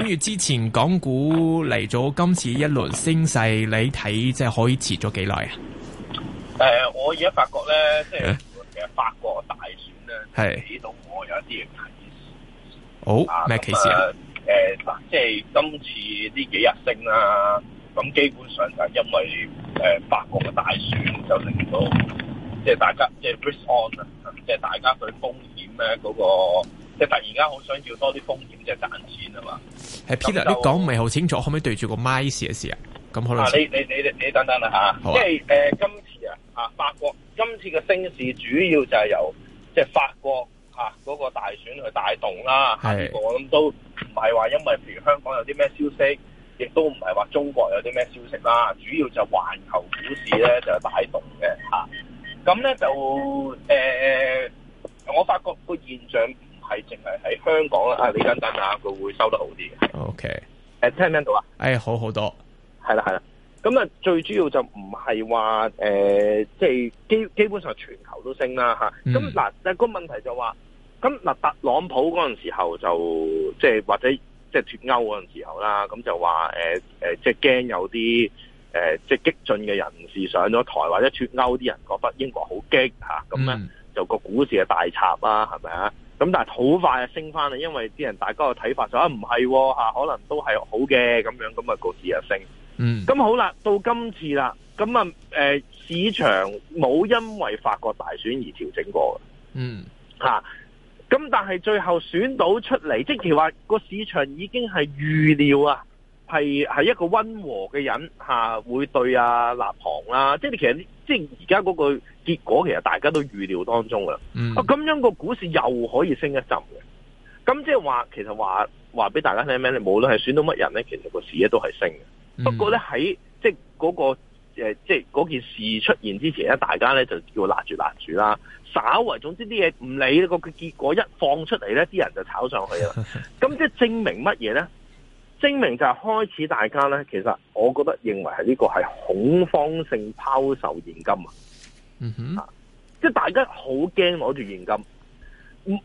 五月之前港股嚟咗今次一輪升勢，你睇即係可以遲咗幾耐啊？誒，我而家發覺咧，即係其實法國大選咧，俾到我有一啲嘅啟示。好咩啟示啊？誒，即係今次呢幾日升啦，咁基本上就係因為誒、呃、法國嘅大選就令到，即係大家即係 risk on 即係大家對風險咧嗰、那個，即係突然間好想要多啲風險即係賺錢啊嘛。係 Peter 你講唔係好清楚，可唔可以對住個咪試一試啊？咁可能你你你你等等啦吓，即係誒，今次啊，啊法國今次嘅升市主要就係由即係、就是、法國啊嗰、那個大選去帶動啦。係的，我諗都唔係話因為譬如香港有啲咩消息，亦都唔係話中國有啲咩消息啦。主要就環球股市咧就係、是、帶動嘅吓。咁、啊、咧就誒、呃，我發覺個現象。係，淨係喺香港啦，啊，你等等啊，佢會收得好啲嘅。O K，誒，聽唔聽到啊？誒、哎，好好多，係啦係啦。咁啊，最主要就唔係話誒，即係基基本上全球都升啦吓。咁嗱、嗯，但係個問題就話，咁嗱，特朗普嗰陣時候就即係、就是、或者即係脱歐嗰陣時候啦，咁就話誒誒，即係驚有啲誒，即、呃、係、就是、激進嘅人士上咗台，或者脱歐啲人覺得英國好激吓，咁、啊、咧。嗯就個股市嘅大插啦，係咪啊？咁但係好快就升翻啦，因為啲人大家嘅睇法就啊唔係喎，可能都係好嘅咁樣，咁啊個市就升。嗯，咁好啦，到今次啦，咁啊誒市場冇因為法國大選而調整過。嗯、啊，吓，咁但係最後選到出嚟，即係話個市場已經係預料啊。係係一個溫和嘅人吓、啊，會對啊勒龐啦、啊，即係其實即係而家嗰個結果，其實大家都預料當中噶。嗯、啊，咁樣個股市又可以升一浸嘅，咁即係話，其實話話俾大家聽咩？你無論係選到乜人咧，其實個市咧都係升嘅。嗯、不過咧喺即係嗰個誒，即係、那、嗰、個呃、件事出現之前咧，大家咧就要攔住攔住啦，稍為，總之啲嘢唔理個、那個結果一放出嚟咧，啲人就炒上去啦。咁即係證明乜嘢咧？ 證明就係開始，大家咧，其實我覺得認為係呢個係恐慌性拋售現金啊！嗯哼，啊、即係大家好驚攞住現金，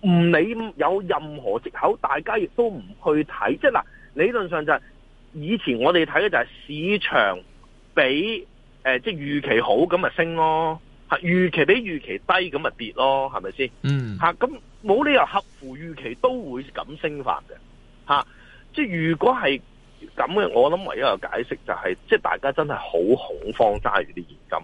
唔理有任何藉口，大家亦都唔去睇。即係嗱，理論上就係、係、以前我哋睇嘅就係市場比、呃、即係預期好咁咪升咯，預、啊、期比預期低咁咪跌咯，係咪先？嗯，咁冇、啊、理由合乎預期都會咁升法嘅、啊。即如果係咁嘅，我諗唯一嘅解釋就係、是，即大家真係好恐慌揸住啲現金。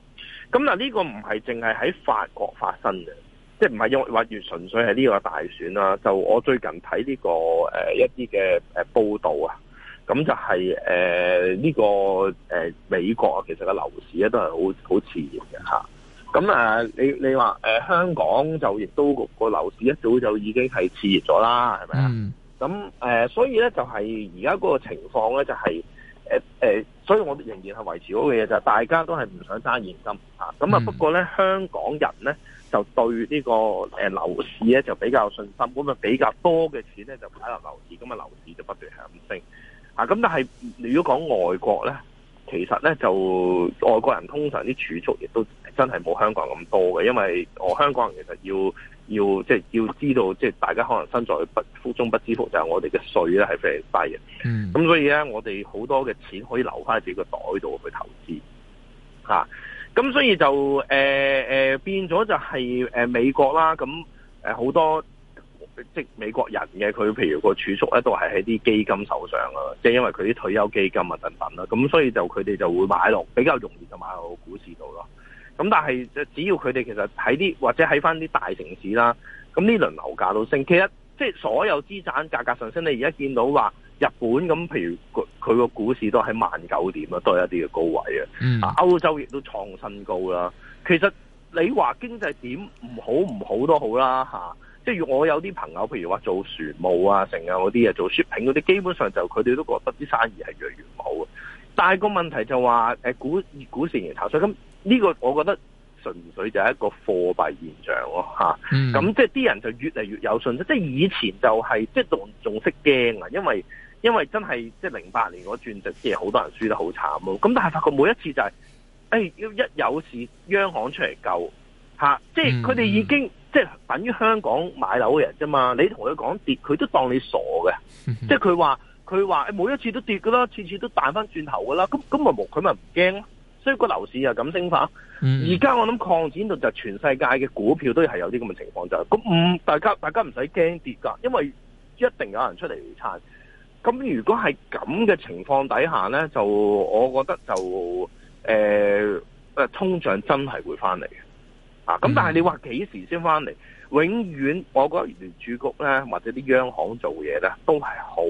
咁嗱，呢個唔係淨係喺法國發生嘅，即唔係話越純粹係呢個大選啦。就我最近睇呢、這個誒、呃、一啲嘅報道啊，咁就係誒呢個誒、呃、美國啊，其實個樓市咧都係好好熾熱嘅嚇。咁啊，你你話、呃、香港就亦都個樓市一早就已經係熾熱咗啦，係咪啊？嗯。咁誒、呃，所以咧就係而家嗰個情況咧，就係、是、誒、呃、所以我仍然係維持嗰個嘢就是、大家都係唔想揸現金咁啊，不過咧香港人咧就對呢、這個誒、呃、樓市咧就比較有信心，咁啊比較多嘅錢咧就擺落樓市，咁啊樓市就不斷響升。啊，咁但係如果講外國咧，其實咧就外國人通常啲儲蓄亦都真係冇香港咁多嘅，因為我香港人其實要。要即係要知道，即係大家可能身在不福中不知福，就係、是、我哋嘅稅咧係非常低嘅。嗯，咁所以咧，我哋好多嘅錢可以留翻自己個袋度去投資。嚇、啊，咁所以就誒誒、呃呃、變咗就係、是、誒、呃、美國啦，咁誒好多即係美國人嘅佢，他譬如個儲蓄咧都係喺啲基金手上啊，即、就、係、是、因為佢啲退休基金啊等等啦，咁所以就佢哋就會買落比較容易就買落股市度咯。咁但係，只要佢哋其實喺啲或者喺翻啲大城市啦，咁呢輪樓價都升。其實即係所有資產價格上升，你而家見到話日本咁，譬如佢個個股市都喺萬九點啊，都係一啲嘅高位啊。啊、嗯，歐洲亦都創新高啦。其實你話經濟點唔好唔好都好啦、吓、即係我有啲朋友，譬如話做船務啊、成啊嗰啲啊，做 shipping 嗰啲，基本上就佢哋都覺得啲生意係越嚟越唔好啊。但係個問題就話誒股，股市股成年頭，咁。呢個我覺得純粹就係一個貨幣現象咯、啊、嚇，咁即係啲人就越嚟越有信心。即係以前就係、是、即係仲仲識驚啊，因為因為真係即係零八年嗰轉之前好多人輸得好慘啊。咁但係發覺每一次就係、是、誒、哎，一有事央行出嚟救嚇、啊，即係佢哋已經、嗯、即係等於香港買樓嘅人啫嘛。你同佢講跌，佢都當你傻嘅。嗯、即係佢話佢話，每一次都跌㗎啦，次次都彈翻轉頭㗎啦。咁咁咪冇，佢咪唔驚咯。所以個樓市又咁升法，而家我諗擴展到就全世界嘅股票都係有啲咁嘅情況就，咁唔大家大家唔使驚跌㗎，因為一定有人出嚟撐。咁如果係咁嘅情況底下呢，就我覺得就誒、呃，通脹真係會翻嚟嘅。啊，咁但係你話幾時先翻嚟？永遠我覺得聯儲局呢，或者啲央行做嘢呢，都係好，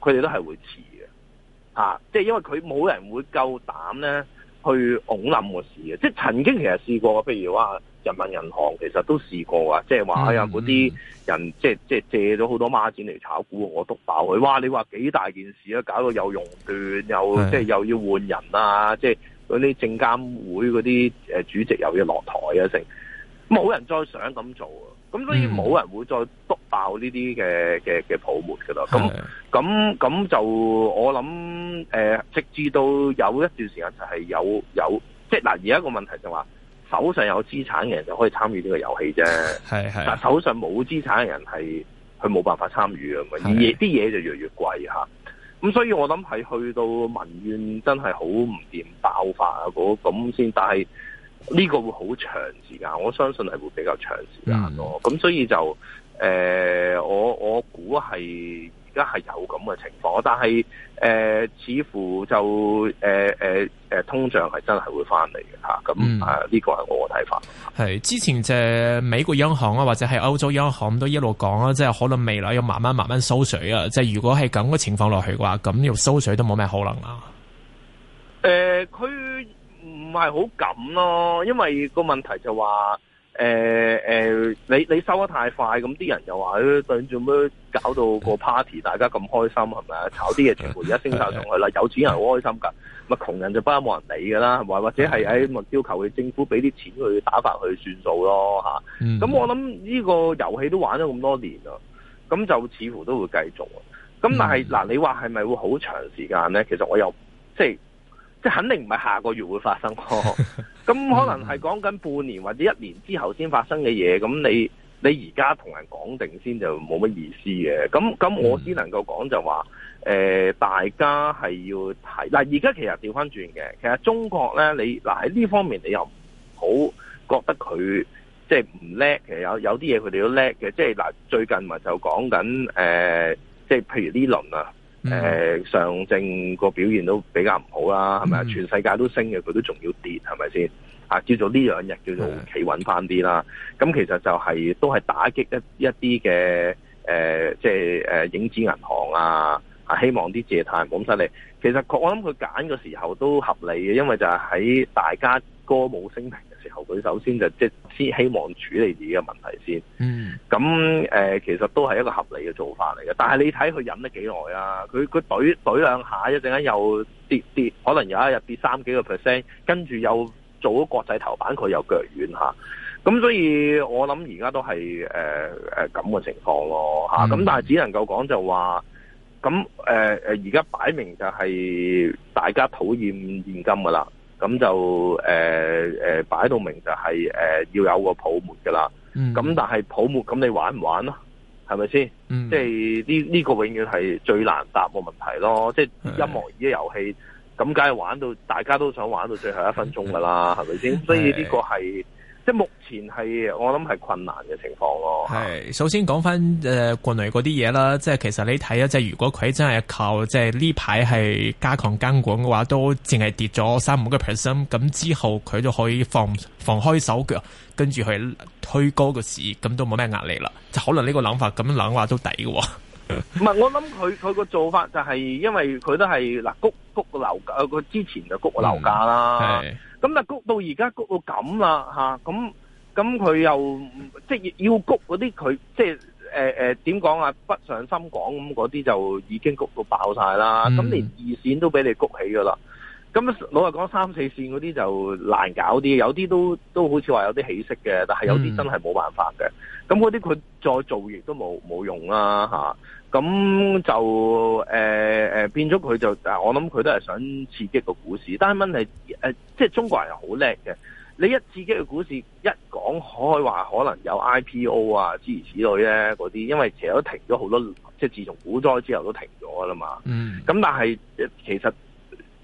佢哋都係會遲嘅、啊。即係因為佢冇人會夠膽呢。去拱冧個事，即係曾經其實試過，譬如話人民銀行其實都試過啊，即係話哎呀，嗰啲人即係即係借咗好多孖展嚟炒股，我督爆佢，哇！你話幾大件事啊？搞到又熔斷，又即係又要換人啊，是的 即係嗰啲證監會嗰啲、呃、主席又要落台啊，成冇人再想咁做啊！咁、嗯、所以冇人會再篤爆呢啲嘅嘅嘅泡沫㗎啦。咁咁咁就我諗誒、呃，直至到有一段時間就係有有，即係嗱，而家個問題就話手上有資產嘅人就可以參與呢個遊戲啫。係係，但手上冇資產嘅人係佢冇辦法參與嘅，係而啲嘢就越嚟越貴嚇。咁係所以我諗係去到民怨真係好唔掂爆發嗰咁先，但係。呢個會好長時間，我相信係會比較長時間咯。咁、嗯、所以就誒、呃，我我估係而家係有咁嘅情況，但係誒、呃，似乎就誒誒誒，通脹係真係會翻嚟嘅吓。咁啊，呢、這個係我嘅睇法。係、嗯、之前即美國央行啊，或者係歐洲央行都一路講啊，即、就、係、是、可能未來要慢慢慢慢收水啊。即、就、係、是、如果係咁嘅情況落去嘅話，咁要收水都冇咩可能啦。誒、呃，佢。係好咁咯，因為個問題就話、是，誒、呃、誒、呃，你你收得太快，咁啲人就話，你做咩搞到個 party，大家咁開心，係咪啊？炒啲嘢，全部而家升晒上去啦， 有錢人好開心噶，咁啊窮人就不嬲冇人理噶啦，係咪？或者係喺要求佢政府俾啲錢去打發佢算數咯，吓。咁我諗呢個遊戲都玩咗咁多年啦，咁就似乎都會繼續。咁但係嗱、嗯，你話係咪會好長時間咧？其實我又即係。即肯定唔係下個月會發生，咁 可能係講緊半年或者一年之後先發生嘅嘢。咁你你而家同人講定先就冇乜意思嘅。咁咁我只能夠講就話，誒、呃、大家係要睇。嗱、呃。而家其實調翻轉嘅，其實中國咧，你嗱喺呢方面你又唔好覺得佢即係唔叻。其實有有啲嘢佢哋都叻嘅，即係嗱、呃、最近咪就講緊誒，即係譬如呢輪啊。誒、mm hmm. 呃、上證個表現都比較唔好啦，係咪啊？Mm hmm. 全世界都升嘅，佢都仲要跌，係咪先？啊，叫做呢兩日叫做企穩翻啲啦。咁、mm hmm. 嗯、其實就係、是、都係打擊一一啲嘅誒，即係誒影子銀行啊，啊希望啲借貸冇咁犀利。其實我諗佢揀嘅時候都合理嘅，因為就係喺大家歌舞升平，時候佢首先就即係先希望處理自己嘅問題先，嗯，咁誒、呃、其實都係一個合理嘅做法嚟嘅。但係你睇佢忍得幾耐啊？佢佢懟懟兩下，一陣間又跌跌，可能有一日跌三幾個 percent，跟住又做咗國際頭版，佢又腳軟下。咁、啊、所以我諗而家都係誒誒咁嘅情況咯，吓、啊。咁、嗯、但係只能夠講就話，咁誒誒而家擺明就係大家討厭現金噶啦。咁就誒誒、呃呃、擺到明就係、是、誒、呃、要有個泡沫㗎啦，咁、嗯、但係泡沫咁你玩唔玩咯？係咪先？嗯、即係呢呢個永遠係最難答個問題咯。即係音樂椅嘅遊戲，咁梗係玩到大家都想玩到最後一分鐘㗎啦，係咪先？吧所以呢個係。即係目前係，我諗係困難嘅情況咯。係，首先講翻誒國內嗰啲嘢啦，即係其實你睇下，即係如果佢真係靠，即係呢排係加強監管嘅話，都淨係跌咗三五個 percent，咁之後佢就可以放放開手腳，跟住去推高個市，咁都冇咩壓力啦。就可能呢個諗法咁樣諗話都抵嘅。唔係，我諗佢佢個做法就係，因為佢都係嗱谷谷個樓誒，佢、呃、之前就谷個樓價啦。嗯咁啊，谷到而家谷到咁啦，嚇！咁咁佢又即係要谷嗰啲，佢即係誒點講啊？北、呃呃、上深港咁嗰啲就已經谷到爆晒啦！咁、啊、連二線都俾你谷起噶啦！咁、啊、老實講，三四線嗰啲就難搞啲，有啲都都好似話有啲起色嘅，但係有啲真係冇辦法嘅。咁嗰啲佢再做亦都冇冇用啊！啊。咁就誒誒、呃、變咗佢就，我諗佢都係想刺激個股市。但係問題、呃、即係中國人係好叻嘅。你一刺激個股市，一講開話，可能有 IPO 啊之如此類咧嗰啲，因為其實都停咗好多，即係自從股災之後都停咗啦嘛。咁、嗯、但係其實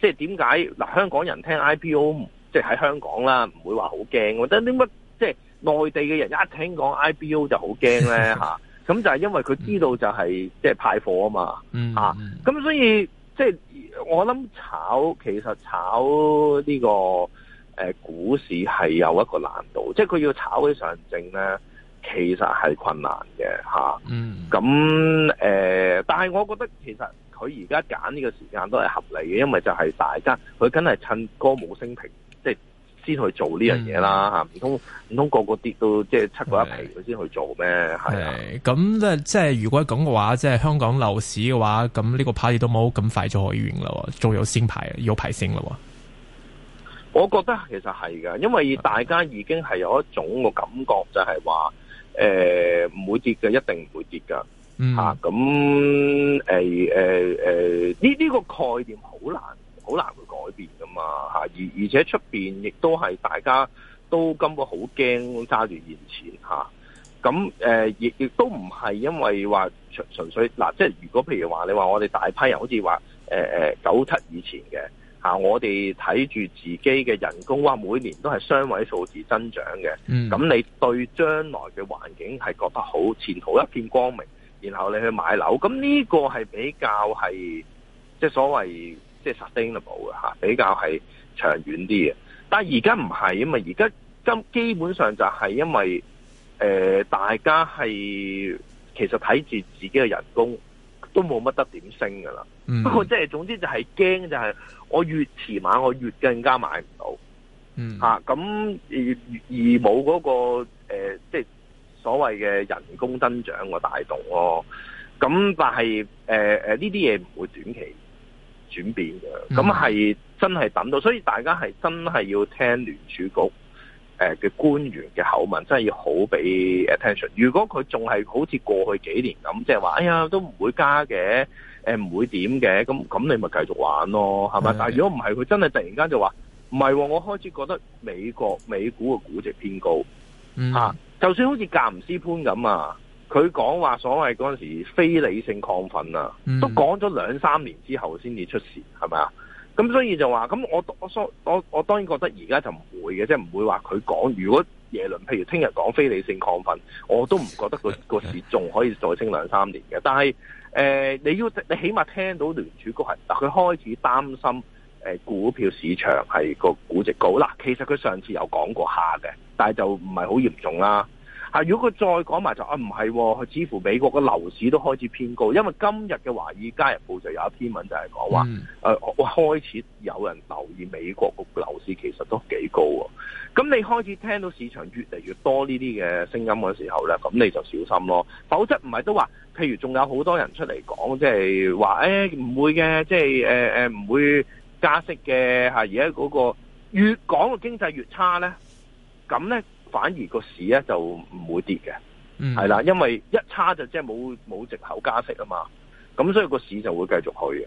即係點解嗱，香港人聽 IPO 即係喺香港啦，唔會話好驚。我覺得點解即係內地嘅人一聽講 IPO 就好驚咧嚇？咁就係因為佢知道就係即係派貨啊嘛，咁、嗯啊、所以即係、就是、我諗炒，其實炒呢、這個誒、呃、股市係有一個難度，即係佢要炒起上證咧，其實係困難嘅吓。咁、啊、誒、嗯呃，但係我覺得其實佢而家揀呢個時間都係合理嘅，因為就係大家佢梗係趁歌舞升平。先去做呢樣嘢啦嚇，唔通唔通個個跌到即係七個一皮佢先去做咩？係啊，咁咧即係如果咁嘅話，即係香港樓市嘅話，咁呢個 party 都冇咁快就可以完啦，仲有先排要排升啦。我覺得其實係噶，因為大家已經係有一種個感覺就是說，就係話誒唔會跌嘅一定唔會跌噶嚇。咁誒誒誒，呢呢、啊呃呃呃呃這個概念好難。好難會改變噶嘛嚇，而而且出邊亦都係大家都根本好驚揸住現錢嚇，咁亦亦都唔係因為話純粹嗱、啊，即係如果譬如話你話我哋大批人好似話、呃、九七以前嘅、啊、我哋睇住自己嘅人工哇，每年都係雙位數字增長嘅，咁、嗯、你對將來嘅環境係覺得好，前途一片光明，然後你去買樓，咁呢個係比較係即係所謂。即係 sustainable 嘅嚇，比較係長遠啲嘅。但係而家唔係，因為而家今基本上就係因為誒、呃，大家係其實睇住自己嘅人工都冇乜得點升㗎喇。Mm. 不過即、就、係、是、總之就係驚，就係我越遲買，我越更加買唔到。嚇咁、mm. 啊、而而冇嗰、那個、呃、即係所謂嘅人工增長嘅帶動咯。咁、哦、但係誒誒，呢啲嘢唔會短期轉變嘅，咁係、嗯、真係等到，所以大家係真係要聽聯儲局嘅官員嘅口吻，真係要好俾 attention。如果佢仲係好似過去幾年咁，即係話，哎呀都唔會加嘅，誒、呃、唔會點嘅，咁咁你咪繼續玩咯，係咪？的但係如果唔係，佢真係突然間就話，唔係、啊，我開始覺得美國美股嘅估值偏高，吓、嗯啊，就算好似格林斯潘咁啊。佢講話所謂嗰陣時非理性亢奮啊，都講咗兩三年之後先至出事，係咪啊？咁所以就話咁我我所我我當然覺得而家就唔會嘅，即係唔會話佢講。如果耶倫譬如聽日講非理性亢奮，我都唔覺得個個市仲可以再升兩三年嘅。但係誒、呃，你要你起碼聽到聯儲局係嗱，佢開始擔心誒股票市場係個估值高啦。其實佢上次有講過下嘅，但係就唔係好嚴重啦。如果佢再講埋就啊，唔係、哦，似乎美國嘅樓市都開始偏高，因為今日嘅華爾街日報就有一篇文就係講話，誒、嗯啊、開始有人留意美國個樓市其實都幾高喎。咁你開始聽到市場越嚟越多呢啲嘅聲音嘅時候咧，咁你就小心咯。否則唔係都話，譬如仲有好多人出嚟講，即係話誒唔會嘅，即係誒唔會加息嘅。而家嗰個越講個經濟越差咧，咁咧。反而個市咧就唔會跌嘅，係啦、嗯，因為一差就即係冇冇藉口加息啊嘛，咁所以個市就會繼續去嘅。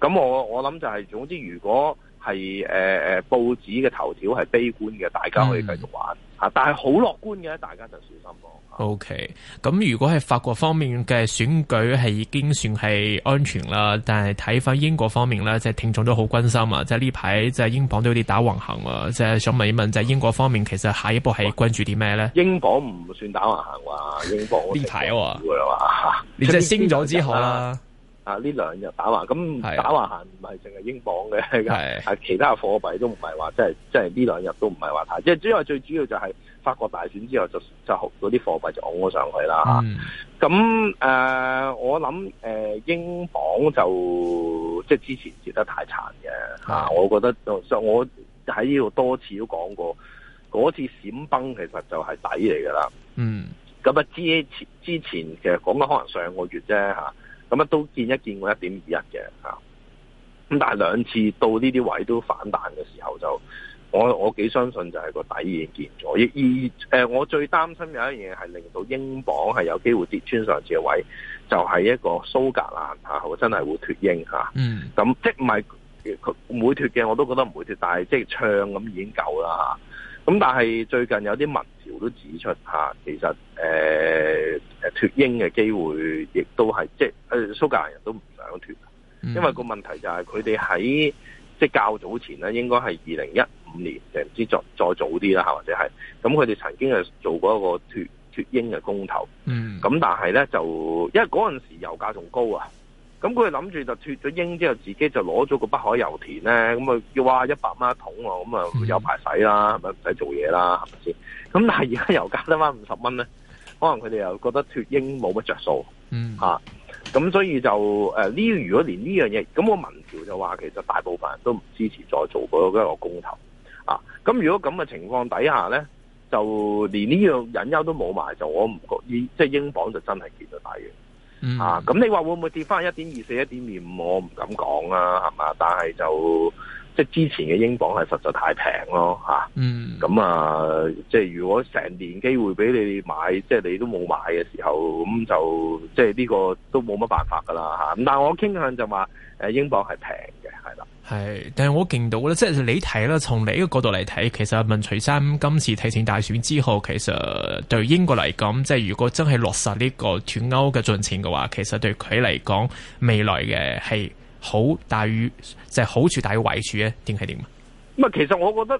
咁我我諗就係、是、總之如果。係誒誒，報紙嘅頭條係悲觀嘅，大家可以繼續玩吓、嗯啊，但係好樂觀嘅，大家就小心咯。OK，咁如果喺法國方面嘅選舉係已經算係安全啦，但係睇翻英國方面咧，即係聽眾都好關心啊，即係呢排即係英鎊都有啲打橫行啊，即係想問一問，即係英國方面其實下一步係關注啲咩咧？英鎊唔算打橫行話，英鎊呢排會係嘛？你即係升咗之後啦。啊！呢兩日打橫，咁打橫行唔係淨係英鎊嘅，係是的 其他貨幣都唔係話，即係真係呢兩日都唔係話太。即係因為最主要就係法國大選之後就就嗰啲貨幣就拱咗上去啦嚇。咁誒、嗯呃，我諗誒、呃，英鎊就即係之前跌得太慘嘅嚇，是的 我覺得就我喺呢度多次都講過，嗰次閃崩其實就係底嚟噶啦。嗯，咁啊，之前之前其實講緊可能上個月啫嚇。咁啊，都見一見過一點二一嘅嚇，咁但係兩次到呢啲位都反彈嘅時候就，就我我幾相信就係個底已經見咗。而而、呃、我最擔心有一樣嘢係令到英鎊係有機會跌穿上次嘅位，就係、係、一個蘇格蘭嚇、啊，真係會脱英嗯。咁、啊 mm. 啊、即係唔係佢唔會脱嘅，我都覺得唔會脱，但係即係唱咁已經夠啦嚇咁但係最近有啲民調都指出、啊、其實誒脱、呃、英嘅機會亦都係即係、呃、蘇格蘭人都唔想脱，因為個問題就係佢哋喺即係較早前咧，應該係二零一五年定唔知再再早啲啦、啊、或者係咁佢哋曾經係做過一個脱脱英嘅公投，咁、嗯、但係咧就因為嗰陣時油價仲高啊。咁佢諗住就脱咗英之後，自己就攞咗個北海油田咧，咁啊，哇一百蚊一桶喎，咁啊有排使啦，咪唔使做嘢啦，係咪先？咁但係而家油價得翻五十蚊咧，可能佢哋又覺得脱英冇乜著數，咁、嗯啊、所以就呢、呃呢個，如果連呢樣嘢，咁我民調就話其實大部分人都唔支持再做嗰、嗰個嗰個公投，啊，咁如果咁嘅情況底下咧，就連呢樣隱憂都冇埋，就我唔覺即係英鎊就真係跌到大嘅。嗯、啊，咁你話會唔會跌翻一點二四、一點二五？我唔敢講啊，係咪啊，但係就。即係之前嘅英鎊係實在太平咯嚇，咁啊、嗯，即係如果成年機會俾你買，即係你都冇買嘅時候，咁就即係呢個都冇乜辦法噶啦嚇。咁但係我傾向就話，誒英鎊係平嘅，係啦。係，但係我見到咧，即係你睇啦，從你嘅角度嚟睇，其實文翠珊今次提前大選之後，其實對英國嚟講，即係如果真係落實呢個脫歐嘅進程嘅話，其實對佢嚟講未來嘅係。是好大於就係、是、好處大於壞處咧，定係點啊？咁啊，其實我覺得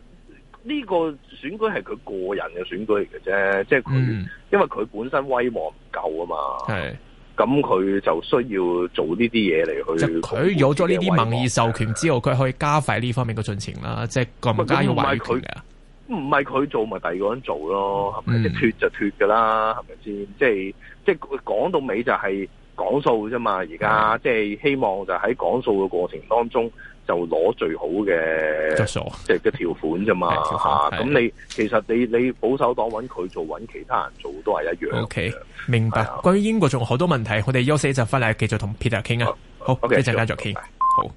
呢個選舉係佢個人嘅選舉嚟嘅啫，即係佢因為佢本身威望唔夠啊嘛。係咁的，佢就需要做呢啲嘢，嚟去。佢有咗呢啲民意授權之後，佢、啊、可以加快呢方面嘅進程啦。即係更加要維權嘅。唔係佢做，咪第二個人做咯。是是嗯，一脱就脱噶啦，係咪先？即係即係講到尾就係、是。講數啫嘛，而家即係希望就喺講數嘅過程當中就攞最好嘅即係嘅條款啫嘛，吓咁、 啊、你其實你你保守黨揾佢做，揾其他人做都係一樣。O、okay, K，明白。啊、關於英國仲有好多問題，我哋休息一陣翻嚟繼續同 Peter 傾啊。好，一陣繼續傾。bye. 好。